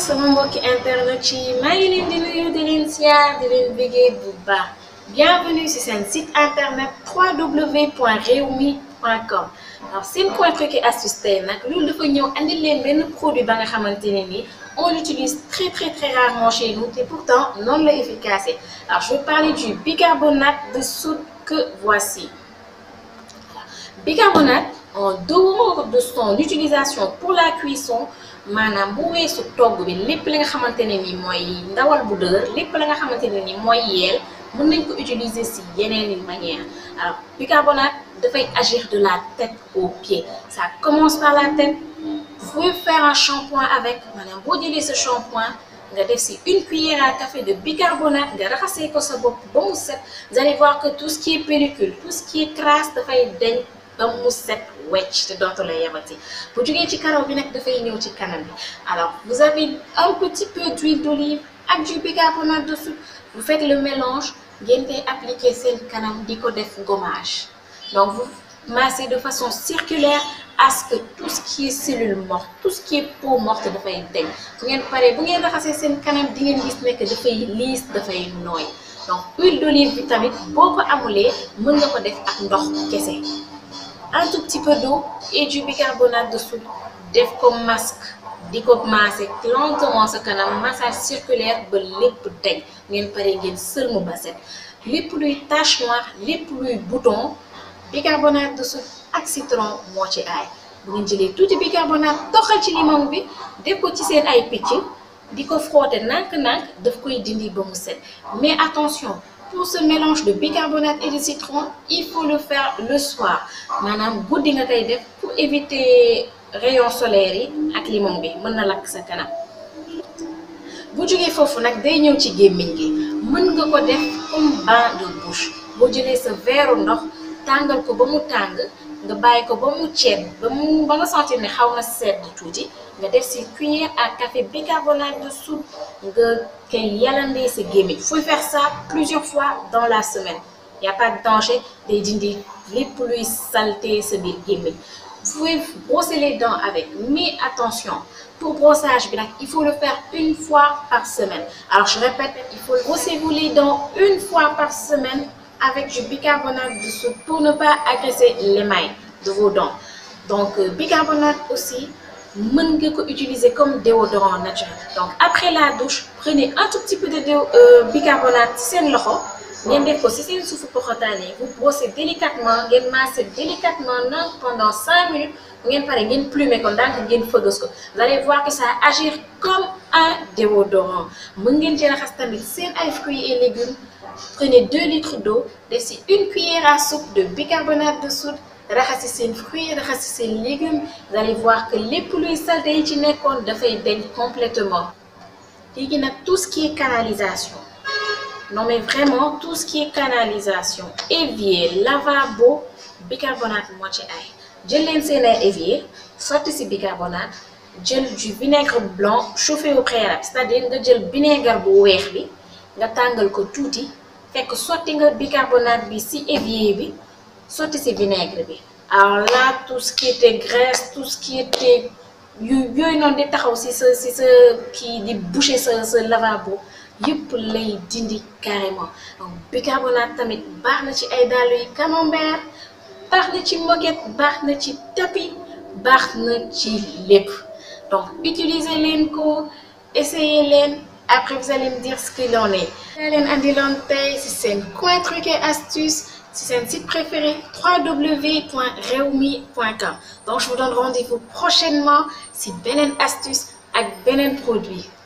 sama mbokki internet yi maa ngi leen di nuyu di leen siyaar di si bëggee bu baax bienvenue ci seen site internet www.rewmi.com alors seen point truc et astuce tey nag loolu dafa ñëw andil leen benn produit ba nga xamante ne nii on l'utilise très très très rarement chez nous te pourtant noonu la efficace alors je vais parler du bicarbonate de soude que voici bicarbonate. en dehors de son utilisation pour la cuisson maanaam bu weesu togg bi lépp li nga xamante ne ni mooy ndawal bu dër lépp la nga xamante ne ni mooy yeel mën nañ ko utiliser si yeneen i manière alors bicarbonate dafay agir de la tête aux pieds ça commence par la tête vous pouvez faire un shampoing avec maanaam boo jëlee sa shampoing nga def si une cuillère à café de bicarbonate nga raxasee ko sa bopp ba mu set vous allez voir que tout ce qui est pellicule tout ce qui est crasse dafay wecc te dootula yemati bu jógee ci karaw bi nag dafay ñëw ci kanam bi alors vous avez un petit peu d'huile d'olive ak du bicarbonate de soude vous faites le mélange ngeen koy appliquer seen kanam di ko def gommage donc vous massez de façon circulaire à ce que tout ce qui est cellule morte tout ce qui est peau morte dafay deñ bu ngeen paree bu ngeen raxasee seen kanam di ngeen gis nekk dafay liis dafay nooy donc huile d'olive bi tamit boo ko amulee mën nga ko def ak ndox kese un tout petit peu d'eau et bicarbonate de soude def ko masque di ko maase lentement sa kanam massage circulaire ba lépp dañ ngeen pare ngeen sëlmu ba set lépp luy tache noire lépp luy bouton bicarbonate de soude ak citron moo ci aay bu ngeen jëlee tuuti bicarbonate toxal ci limon bi def ko ci seen ay picc di ko frotter nànk-nànk daf koy dindi ba mu set mais attention pour ce mélange de bicarbonate et de citron il faut le faire le soir maanaam guddi nga koy def pour éviter rayon solaire yi ak limon bi mën na lakk sa kanam bu jógee foofu nag day ñëw ci gémmiñ gi mën nga ko def comme bain de bouche boo jëlee sa veeru ndox tàngal ko ba mu tàng nga bàyyi ko ba mu ceeb ba mu ba nga sentir ne xaw na sedd tuuti nga def si cuillère à café bicarbonate de soude nga koy yàllandee sa gémmiñ faut faire ça plusieurs fois dans la semaine y a pas de danger day dindi lépp luy saleté sa biir gémmiñ vous brosser les dents avec mais attention pour brossage bi nag il faut le faire une fois par semaine alors je répète il faut brosser vous les dents une fois par semaine avec du bicarbonate de soude pour ne pas agresser l'émail de vos donc euh, bicarbonate aussi mën nga ko utiliser comme déodorant naturel donc après la douche prenez un tout petit peu de déo euh, seen loxo ngeen def ko ci seen suufu poxotaan yi délicatement ngeen masser délicatement nag pendant cinq minutes bu ngeen pare ngeen plumer ko ndànk ngeen fëgës ko vous allez voir que ça agir comme un déodorant mën ngeen ci raxas tamit seen ay fruits et légumes prenez 2 litres d'eau def ci une cuillère à soupe de bicarbonate de soude raxasi seen fruits raxasi seen légumes vous que lépp luy saleté yi ci nekkoon dafay deñ complètement léegi na tout ce qui est canalisation non mais vraiment tout ce qui est canalisation évier lavabo bicarbonate moo ci ay jël leen seen ay évier sotti ci bicarbonate jël du vinaigre blanc chauffé au préalable c'est-à-dire nga jël vinaigre bu weex bi nga tàngal ko tuuti. fekk sotti nga bicarbonate bi ci évier bi sotti ci vinaigre bi alors là tout ce qui était graisse tout ce yu yooyu noonu di taxaw ci sa ci sa kii di boucher sa sa lavabo yëpp lay dindi carrément bicarbonate tamit baax na ci ay dàll yi camembert baax na ci moquette baax na ci tapis baax na ci lépp donc utiliser leen ko essayer leen. après vous allez me dire ce qu'il en est. daa leen andiloon tey ci seen coin truc et astuce ci seen site préféré www.rewmi.com donc je vous donne rendez-vous prochainement ci beneen astuce ak beneen produit.